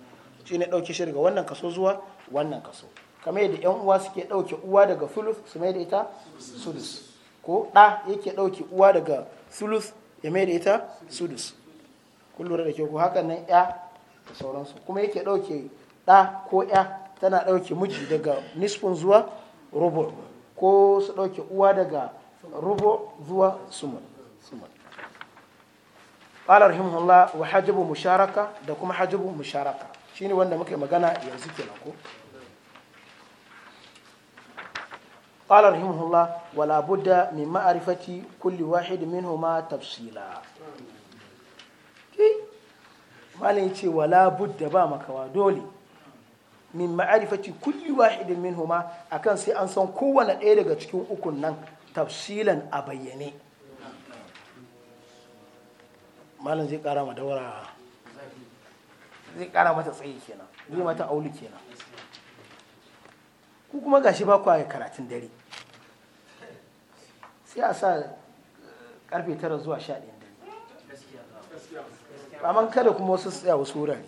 shi ne ɗauke shi daga wannan kaso zuwa wannan kaso kamar yadda yan uwa suke ɗauke uwa daga fulus su mai da ita sudus ko ɗa yake ɗauke uwa daga sulus ya mai da ita sudus kullum da ke ku hakan nan ya da sauransu kuma yake ɗauke ɗa ko ya tana ɗauke miji daga nisfin zuwa rubur ko su ɗauki uwa daga rubo zuwa suma. ƙalar himhullah wa hajjabu musharaka da kuma hajjabu musharaka shi ne wanda muka magana yanzu ke ko? ƙalar himhullah wa labudda mai ma'arifati kulli wahidi min huma tafsila ki? malin ce wa labudda ba makawa dole min ma'arifaci kulli wahidin minhuma akan sai an san kowane ɗaya daga cikin ukun nan tafsilan a bayyane malin zai kara mata wara zai kara mata tsayi kenan zai mata auli kenan ku kuma gashi ba kwa karatun dare sai a sa karfe eh, tara zuwa sha ɗayan dare man kada kuma wasu tsaya wasu wurare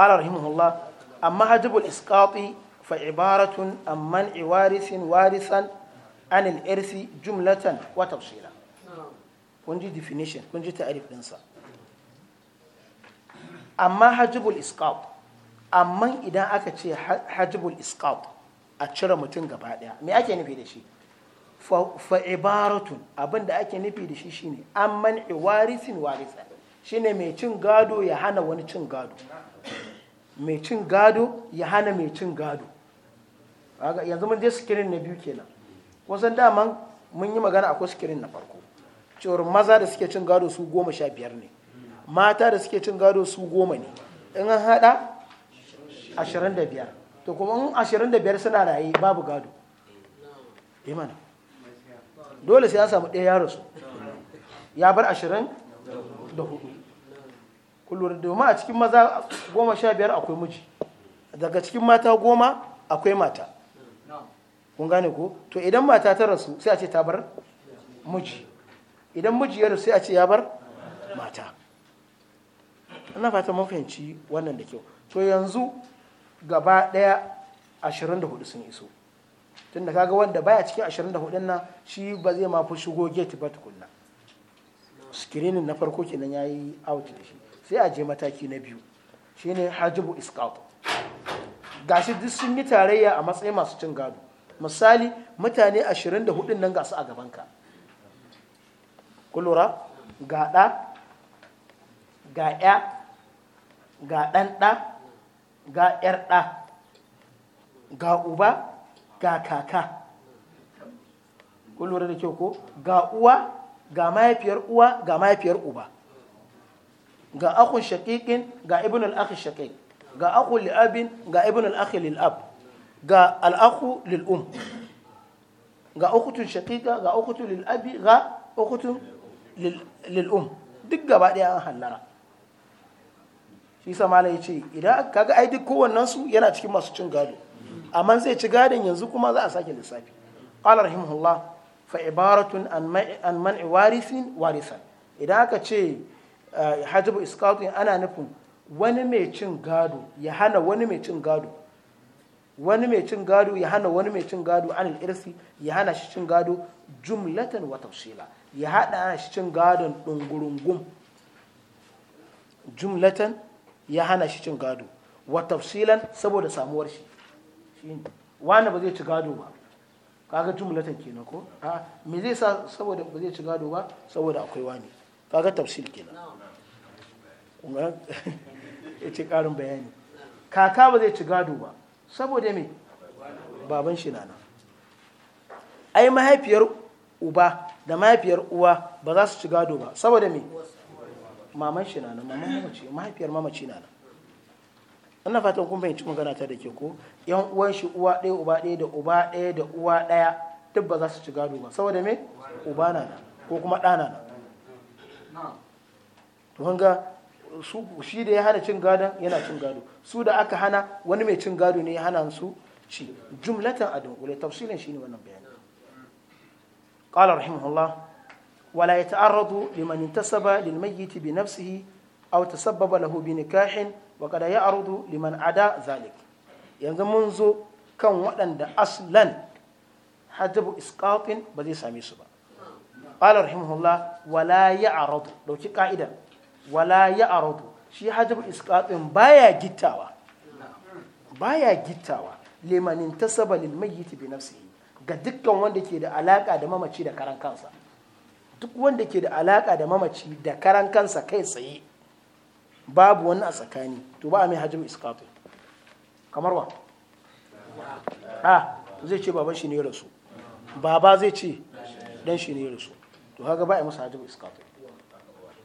قال رحمه الله أما هجب الإسقاط فعبارة عن منع وارث وارثا عن الإرث جملة وتفصيلا كنجي definition كنجي تعريف ɗinsa amma hajjibul isqat amma idan aka ce hajjibul isqat a cire mutum gaba me ake nufi da fa ibaratun abin da ake nufi da shi shine amman iwarisin warisan shine mai cin gado ya hana wani cin gado mai cin gado ya hana mai cin gado yanzu mun je sikirin na biyu kenan wasan daman mun yi magana akwai sikirin na farko cewar maza da suke cin gado su goma sha biyar ne mata da suke cin gado su goma ne in an haɗa ashirin da biyar to kuma in ashirin da biyar suna raye babu gado imana eh dole sai ya samu ɗaya yaro su ya bar ashirin da hudu kullum domin a cikin maza goma sha biyar akwai miji daga cikin mata goma akwai mata kun gane ko to idan mata ta rasu sai a ce ta bar miji idan miji ya rasu sai a ce ya bar mata ana fata mafiyanci wannan da kyau to yanzu gaba daya 24 sun iso tun da kaga wanda baya cikin 24 nan shi ba zai ma fi shigo gate ba tukunna screening na farko kenan yi out da shi sai a je mataki na biyu shine hajibu ga gashi duk sun yi tarayya a matsayin masu cin gado misali mutane 24 nan ga su a gabanka kulura ga ɗa ga ya ga ɗan ɗa ga ƴar ɗa ga uba ga kaka kulura da kyau ko ga uwa ga mahaifiyar uwa ga mahaifiyar uba ga akun shaƙiƙin ga ibn al-akh ga akhu li'abin ga ibn al lil'ab ga al lil'um ga ukhtun shaƙiƙa ga ukhtun lil'abi ga ukhtun lil'um duk gaba daya an hallara shi sa malai yace idan kaga ai duk kowannen su yana cikin masu cin gado amma zai ci gadon yanzu kuma za a sake lissafi qala rahimahullah fa ibaratun an man'i warisin warisan idan aka ce hajibu iskatin ana nufin wani mai cin gado ya hana wani mai cin gado wani mai cin gado ya hana wani mai cin gado anil irsi ya hana shi cin gado jumlatan wa tafsila ya hada shi cin gadon dungurungum jumlatan ya hana shi cin gado wa tafsilan saboda samuwar shi wani ba zai ci gado ba kaga jumlatan kenan ko a me zai sa saboda ba zai ci gado ba saboda akwai wani kaga tafsil kenan kuma ya ce karin bayani kaka ba zai ci gado ba saboda me baban shi na nan ai mahaifiyar uba da mahaifiyar uwa ba za su ci gado ba saboda me maman shi na nan mahaifiyar mamaci na nan ina fatan kun fahimci magana ta da ke ko yan uwan shi uwa ɗaya uba ɗaya da uba ɗaya da uwa ɗaya duk ba za su ci gado ba saboda me uba na ko kuma ɗana na to shi da ya hana cin gadon yana cin gado su da aka hana wani mai cin gado ne ya hana su ci jumlatan a dunkule tafsilin ne wannan bayani qala rahimahullah ولا bi لمن انتسب للميت بنفسه أو nikahin له بنكاح وقد يعرض liman ada zalik yanzu mun zo kan waɗanda aslan hajabu iskatin ba zai same su ba qala rahimahullah wala ya'radu dauki ka'ida wala ya'radu shi hajjab isqatin baya gittawa baya gittawa limanin tasaba lil mayyit bi nafsihi ga dukkan wanda ke da alaka da mamaci da karan kansa duk wanda ke da alaka da mamaci da karan kansa kai tsaye babu wani a tsakani to ba a mai hajjab isqatin kamar wa a zai ce baban shi ne rasu baba zai ce dan shi ne rasu to haka ba a masa hajjabu iskatu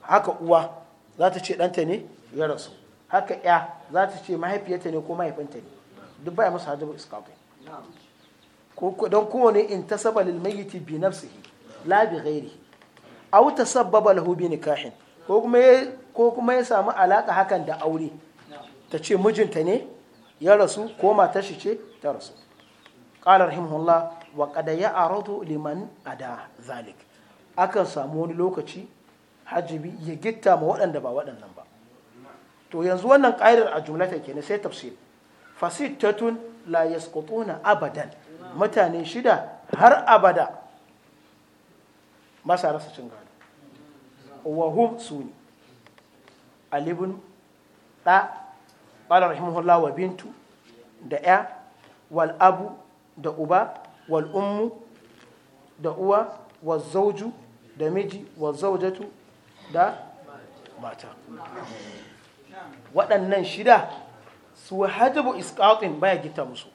haka uwa za ta ce ɗanta ne ya rasu haka ya za ta ce mahaifiyarta ne ko mahaifinta ne duk ba a masa hajjabu iskatu don kowane in ta saba lilmayiti bi na la bi ghairi au ta saba lahu bi nikahin ko kuma ya samu alaka hakan da aure ta ce mijinta ne ya rasu ko matar shi ce ta rasu ƙalar rahimahullah wa qad ya'rudu liman da zalik akan samu wani lokaci hajjibi ya gitta ma waɗanda ba waɗannan ba to yanzu wannan ƙa'idar a jumla jumlata kenan sai tafsir fasittatun la yasqutuna abadan mutane shida har abada masa rasa cin gado wahum suni alibun ɗa ƙalar rahimahullah wa bintu da ya wal abu da uba wal ummu da uwa wal zauju da miji wa zaujatu da mata waɗannan shida su hajjabu iskatin baya gita musu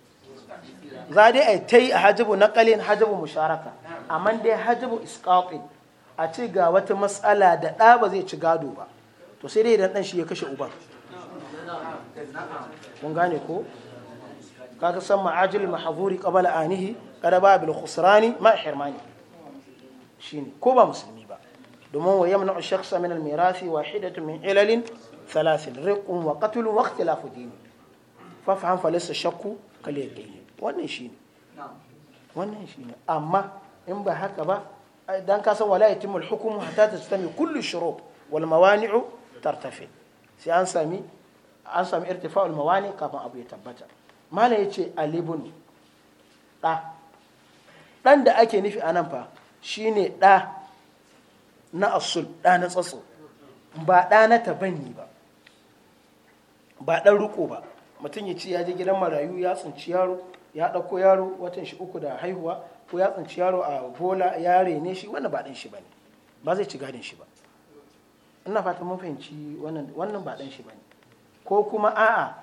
za dai a ta yi a hajjabu naƙalin hajjabu musharaka amma dai hajjabu iskatin a ci ga wata matsala da ɗa ba zai ci gado ba to sai dai idan ɗan shi ya kashe uban mun gane ko kaga san ma'ajil mahzuri qabala anihi kada ba bil khusrani ma hirmani shine ko ba musulmi ba domin wa yamna shakhsa min al mirasi wahidatu min ilalin thalathin riqun wa qatlun wa ikhtilafu dini fa fa laysa shakku kal yaqin wannan shine wannan shine amma in ba haka ba dan ka san wala yatimmu al hukmu hatta tastami kullu shurut wal mawani'u tartafi sai an sami an sami irtifa'ul mawani kafin abu ya tabbata mala yace alibun da dan da ake nufi anan fa Shi ne ɗa na asul ɗa na tsatso ba ɗa na tabanni ba ba ɗan riko ba mutum ya ce ya je gidan marayu ya tsinci yaro ya ɗauko yaro watan shi uku da haihuwa ko ya tsinci yaro a bola ya rene shi wannan ba ɗan shi ba ne ba zai ci gadin shi ba ina fata mun fahimci wannan ba ɗan shi ba ne ko kuma a'a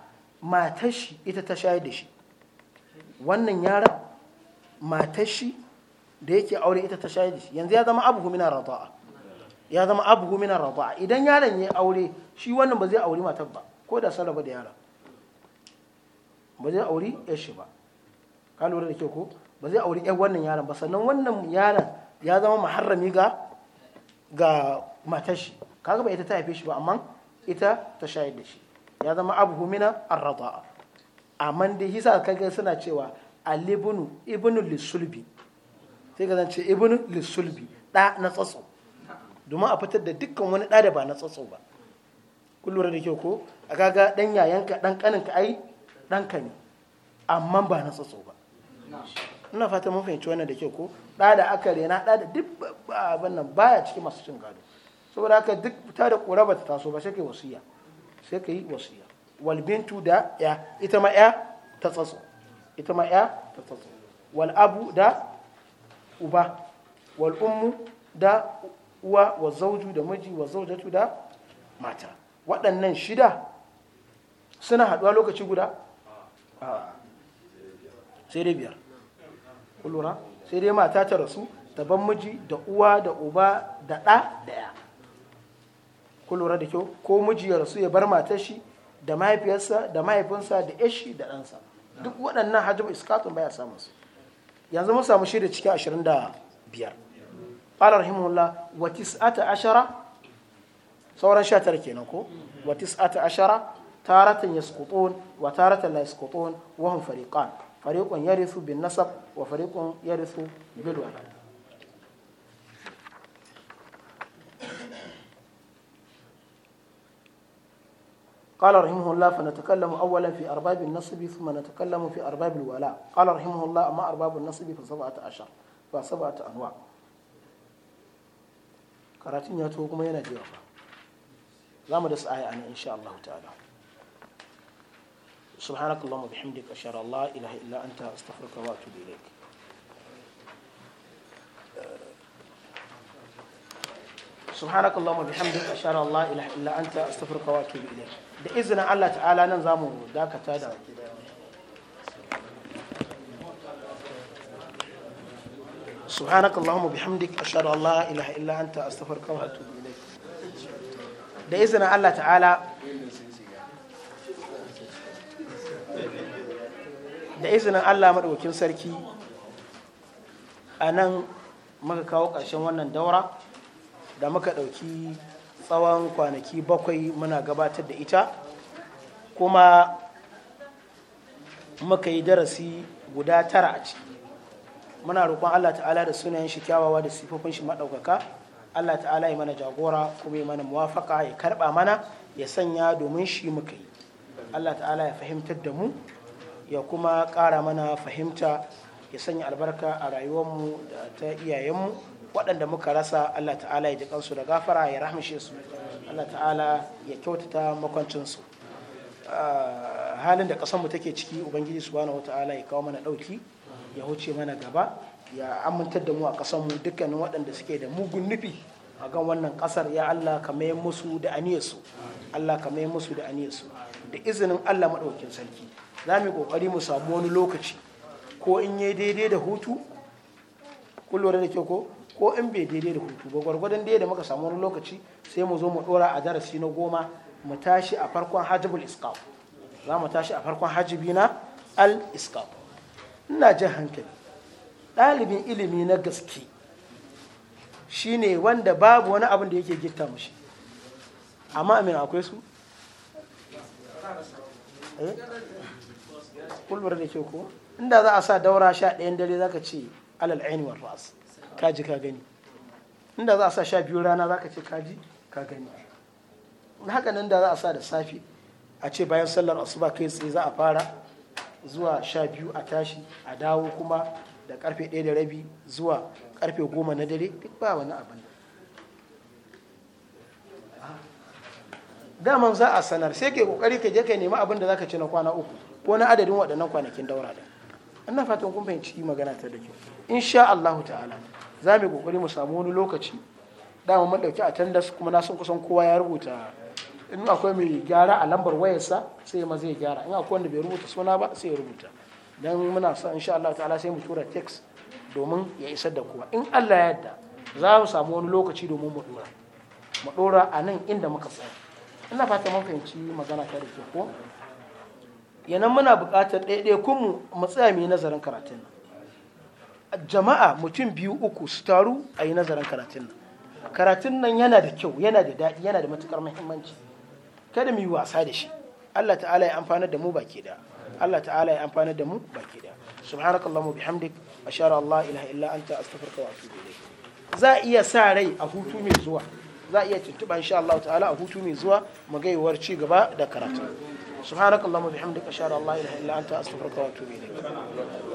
matar shi ita ta shayar da shi wannan yaron matashi shi da yake aure ita ta shayar da shi yanzu ya zama abu mina rada'a ya zama abu mina rada'a idan yaron ya aure shi wannan ba zai aure matar ba ko da sarrafa da yaron ba zai aure yar shi ba ka lura da kyau ko ba zai aure yar wannan yaron ba sannan wannan yaron ya zama muharrami ga ga matar shi kaga ba ita ta haife shi ba amma ita ta shayar da shi ya zama abu mina arrada'a amma da hisa kaga suna cewa alibunu ibnu lisulbi sai ka zance ibn lissulbi ɗa na tsatsau domin a fitar da dukkan wani ɗa da ba na tsatsau ba kun lura da kyau ko a kaga ɗan yayanka ɗan ƙaninka ai ɗanka ne amma ba na tsatsau ba ina fata mun fahimci wannan da kyau ko ɗa da aka rena ɗa da duk abin nan baya cikin masu cin gado saboda haka duk fita da ƙura ba ta taso ba sai ka yi wasiya sai ka yi wasiya walbintu da ya ita ma ya ta tsatsau ita ma ya ta tsatsau wal abu da uba wal ummu da uwa wa zauju da miji wa zaujatu da mata waɗannan shida suna haɗuwa lokaci guda sai dai biyar kullura sai dai mata ta rasu daban miji da uwa da uba da ɗa ɗaya kullura da kyau ko miji ya rasu ya bar matar shi da mahaifiyarsa da mahaifinsa da ishi da ɗansa duk waɗannan hajjabu iskatun baya samun su yanzu mun samu shirya cikin ashirin da biyar ƙalar rahimahullah wa ashara sauran sha tara kenan ko wa ta ashara taratan yasqutun wa taratan la yasqutun wahun fariƙan fariƙon ya rufu bin nasab wa fariƙon ya rufu walad قال رحمه الله فنتكلم أولا في أرباب النصب ثم نتكلم في أرباب الولاء قال رحمه الله أما أرباب النصب فسبعة عشر فسبعة أنواع karatun ya taho kuma yana jewa fa za mu da sa'aya ana insha Allah ta'ala subhanakallahumma bihamdika da an la ilaha illa anta astaghfiruka wa subhanakallahumma bihamdika ashhadu an la wa da izinin Allah ta'ala nan anta astaghfiruka wa atubu da Allah ta'ala da izinin Allah maɗaukin sarki a nan maka kawo ƙarshen wannan daura da muka ɗauki tsawon kwanaki bakwai muna gabatar da ita kuma muka yi darasi guda tara a ciki muna roƙon allah ta'ala da sunayen shi kyawawa da sifofin shi maɗaukaka allah ta'ala ya mana jagora kuma ya mana muwafaka ya karɓa mana ya sanya domin shi muka yi allah ta'ala ya fahimtar da mu ya kuma ƙara mana fahimta ya sanya albarka a rayuwarmu da ta iyayenmu waɗanda muka rasa Allah ta'ala ya ji kansu da gafara ya rahmishe su Allah ta'ala ya kyautata makwancinsu ah, halin da mu take ciki ubangiji subhanahu ta'ala ya kawo mana ɗauki ya huce mana gaba ya amintar da mu a mu dukkanin waɗanda suke da mugun nufi a kan wannan kasar ya Allah ka mai musu da aniyarsu Allah ka mai musu da aniyarsu da izinin Allah maɗaukin sarki za mu yi ƙoƙari mu samu wani lokaci ko in yi daidai da hutu kun da ke ko ko in bai daidai da hutu ba gwargwadon da muka samu wani lokaci sai mu zo mu dora a darasi na goma mu tashi a farkon hajjibul iskaf za mu tashi a farkon hajjibi na al iskaf ina jin hankali ɗalibin ilimi na gaske shine wanda babu wani abin da yake gitta mushi amma amin akwai su eh? kulbar da ke ko inda za a sa daura sha ɗayan dare za ka ce alal ainihin ras kaji ka gani inda za a sa sha biyu rana za ka ce kaji ka gani haka nan da za a sa da safe a ce bayan sallar asuba kai tsaye za a fara zuwa sha biyu a tashi a dawo kuma da karfe ɗaya da rabi zuwa karfe goma na dare duk ba wani abin daman za a sanar sai ke kokari ka je ka nemi abin da za ka ci na kwana uku ko na adadin waɗannan kwanakin daura da ina fatan kun fahimci magana ta da kyau insha Allah ta'ala za mu yi kokari mu samu wani lokaci dama mun dauki attendance kuma na san kusan kowa ya rubuta in akwai mai gyara a lambar wayarsa sai ma zai gyara in akwai wanda bai rubuta suna ba sai ya rubuta dan muna sa insha Allah ta'ala sai mu tura text domin ya isar da kowa in Allah ya yarda za mu samu wani lokaci domin mu dora mu dora a nan inda muka tsaya ina fata mun fahimci magana ta da ke ko yanan muna buƙatar ɗaiɗaikun mu mu tsaya mu yi nazarin karatun nan jama'a mutum biyu uku su taru a yi nazarin karatun nan karatun nan yana da kyau yana da daɗi yana da matukar muhimmanci kada mu yi wasa da shi Allah ta'ala ya amfana da mu baki da Allah ta'ala ya amfana da mu baki da subhanakallahumma bihamdik ashara Allah la ilaha illa anta astaghfiruka wa atubu ilayk za iya sa rai a hutu mai zuwa za iya tuntuɓa insha Allah ta'ala a hutu mai zuwa mu gaiwar ci gaba da karatu subhanakallahumma bihamdik ashara Allah la ilaha illa anta astaghfiruka wa atubu ilayk